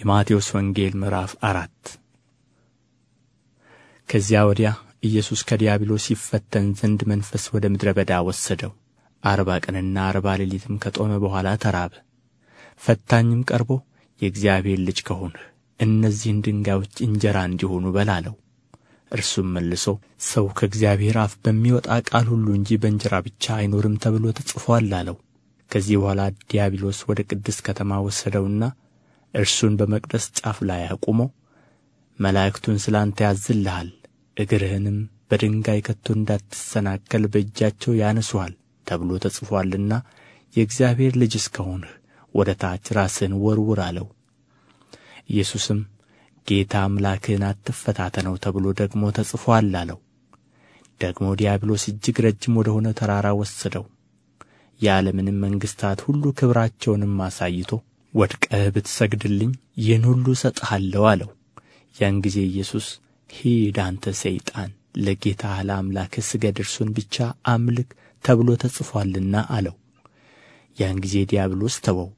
የማቴዎስ ወንጌል ምዕራፍ አራት ከዚያ ወዲያ ኢየሱስ ከዲያብሎስ ይፈተን ዘንድ መንፈስ ወደ ምድረ በዳ ወሰደው። አርባ ቀንና አርባ ሌሊትም ከጦመ በኋላ ተራበ። ፈታኝም ቀርቦ የእግዚአብሔር ልጅ ከሆንህ እነዚህን ድንጋዮች እንጀራ እንዲሆኑ በላለው። እርሱም መልሶ ሰው ከእግዚአብሔር አፍ በሚወጣ ቃል ሁሉ እንጂ በእንጀራ ብቻ አይኖርም ተብሎ ተጽፏል አለው። ከዚህ በኋላ ዲያብሎስ ወደ ቅድስት ከተማ ወሰደውና እርሱን በመቅደስ ጫፍ ላይ አቁሞ መላእክቱን ስለ አንተ ያዝልሃል እግርህንም በድንጋይ ከቶ እንዳትሰናከል በእጃቸው ያነሱሃል ተብሎ ተጽፏልና የእግዚአብሔር ልጅ እስከሆንህ ወደ ታች ራስህን ወርውር አለው። ኢየሱስም ጌታ አምላክህን አትፈታተነው ተብሎ ደግሞ ተጽፏል አለው። ደግሞ ዲያብሎስ እጅግ ረጅም ወደ ሆነ ተራራ ወሰደው። የዓለምንም መንግሥታት ሁሉ ክብራቸውንም አሳይቶ ወድቀህ ብትሰግድልኝ ይህን ሁሉ እሰጥሃለሁ አለው ያን ጊዜ ኢየሱስ ሂድ አንተ ሰይጣን ለጌታ ለአምላክህ ስገድ እርሱን ብቻ አምልክ ተብሎ ተጽፏልና አለው ያን ጊዜ ዲያብሎስ ተወው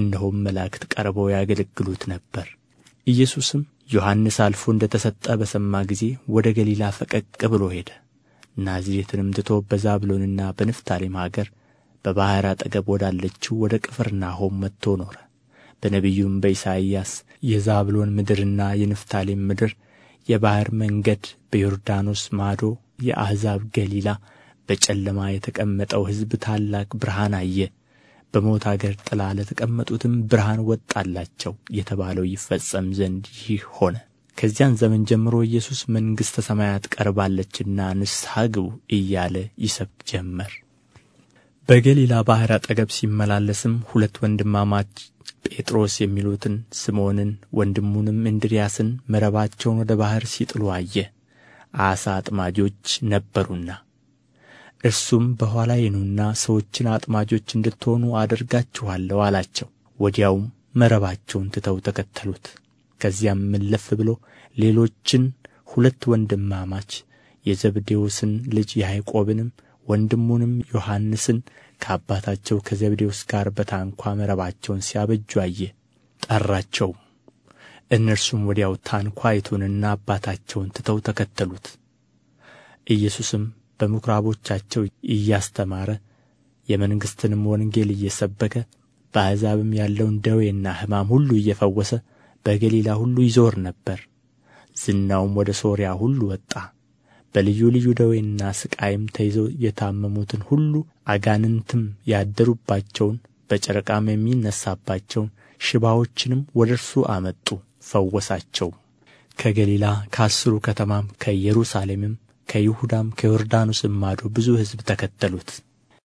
እነሆም መላእክት ቀርበው ያገለግሉት ነበር ኢየሱስም ዮሐንስ አልፎ እንደ ተሰጠ በሰማ ጊዜ ወደ ገሊላ ፈቀቅ ብሎ ሄደ ናዝሬትንም ትቶ በዛብሎንና በንፍታሌም አገር በባሕር አጠገብ ወዳለችው ወደ ቅፍርናሆም መጥቶ ኖረ በነቢዩም በኢሳይያስ የዛብሎን ምድርና የንፍታሌም ምድር የባሕር መንገድ በዮርዳኖስ ማዶ የአሕዛብ ገሊላ በጨለማ የተቀመጠው ሕዝብ ታላቅ ብርሃን አየ በሞት አገር ጥላ ለተቀመጡትም ብርሃን ወጣላቸው የተባለው ይፈጸም ዘንድ ይህ ሆነ። ከዚያን ዘመን ጀምሮ ኢየሱስ መንግሥተ ሰማያት ቀርባለችና ንስሐ ግቡ እያለ ይሰብክ ጀመር። በገሊላ ባሕር አጠገብ ሲመላለስም ሁለት ወንድማማች ጴጥሮስ የሚሉትን ስምዖንን ወንድሙንም እንድርያስን መረባቸውን ወደ ባሕር ሲጥሉ አየ፣ ዓሣ አጥማጆች ነበሩና። እርሱም በኋላዬ ኑና ሰዎችን አጥማጆች እንድትሆኑ አደርጋችኋለሁ አላቸው። ወዲያውም መረባቸውን ትተው ተከተሉት። ከዚያም እልፍ ብሎ ሌሎችን ሁለት ወንድማማች የዘብዴዎስን ልጅ ያዕቆብንም ወንድሙንም ዮሐንስን ከአባታቸው ከዘብዴዎስ ጋር በታንኳ መረባቸውን ሲያበጁ አየ። ጠራቸው እነርሱም ወዲያው ታንኳይቱንና አባታቸውን ትተው ተከተሉት። ኢየሱስም በምኵራቦቻቸው እያስተማረ የመንግሥትንም ወንጌል እየሰበከ በአሕዛብም ያለውን ደዌና ሕማም ሁሉ እየፈወሰ በገሊላ ሁሉ ይዞር ነበር። ዝናውም ወደ ሶርያ ሁሉ ወጣ። በልዩ ልዩ ደዌና ሥቃይም ተይዘው የታመሙትን ሁሉ አጋንንትም ያደሩባቸውን በጨረቃም የሚነሣባቸውን ሽባዎችንም ወደ እርሱ አመጡ ፈወሳቸው ከገሊላ ከአስሩ ከተማም ከኢየሩሳሌምም ከይሁዳም ከዮርዳኖስም ማዶ ብዙ ሕዝብ ተከተሉት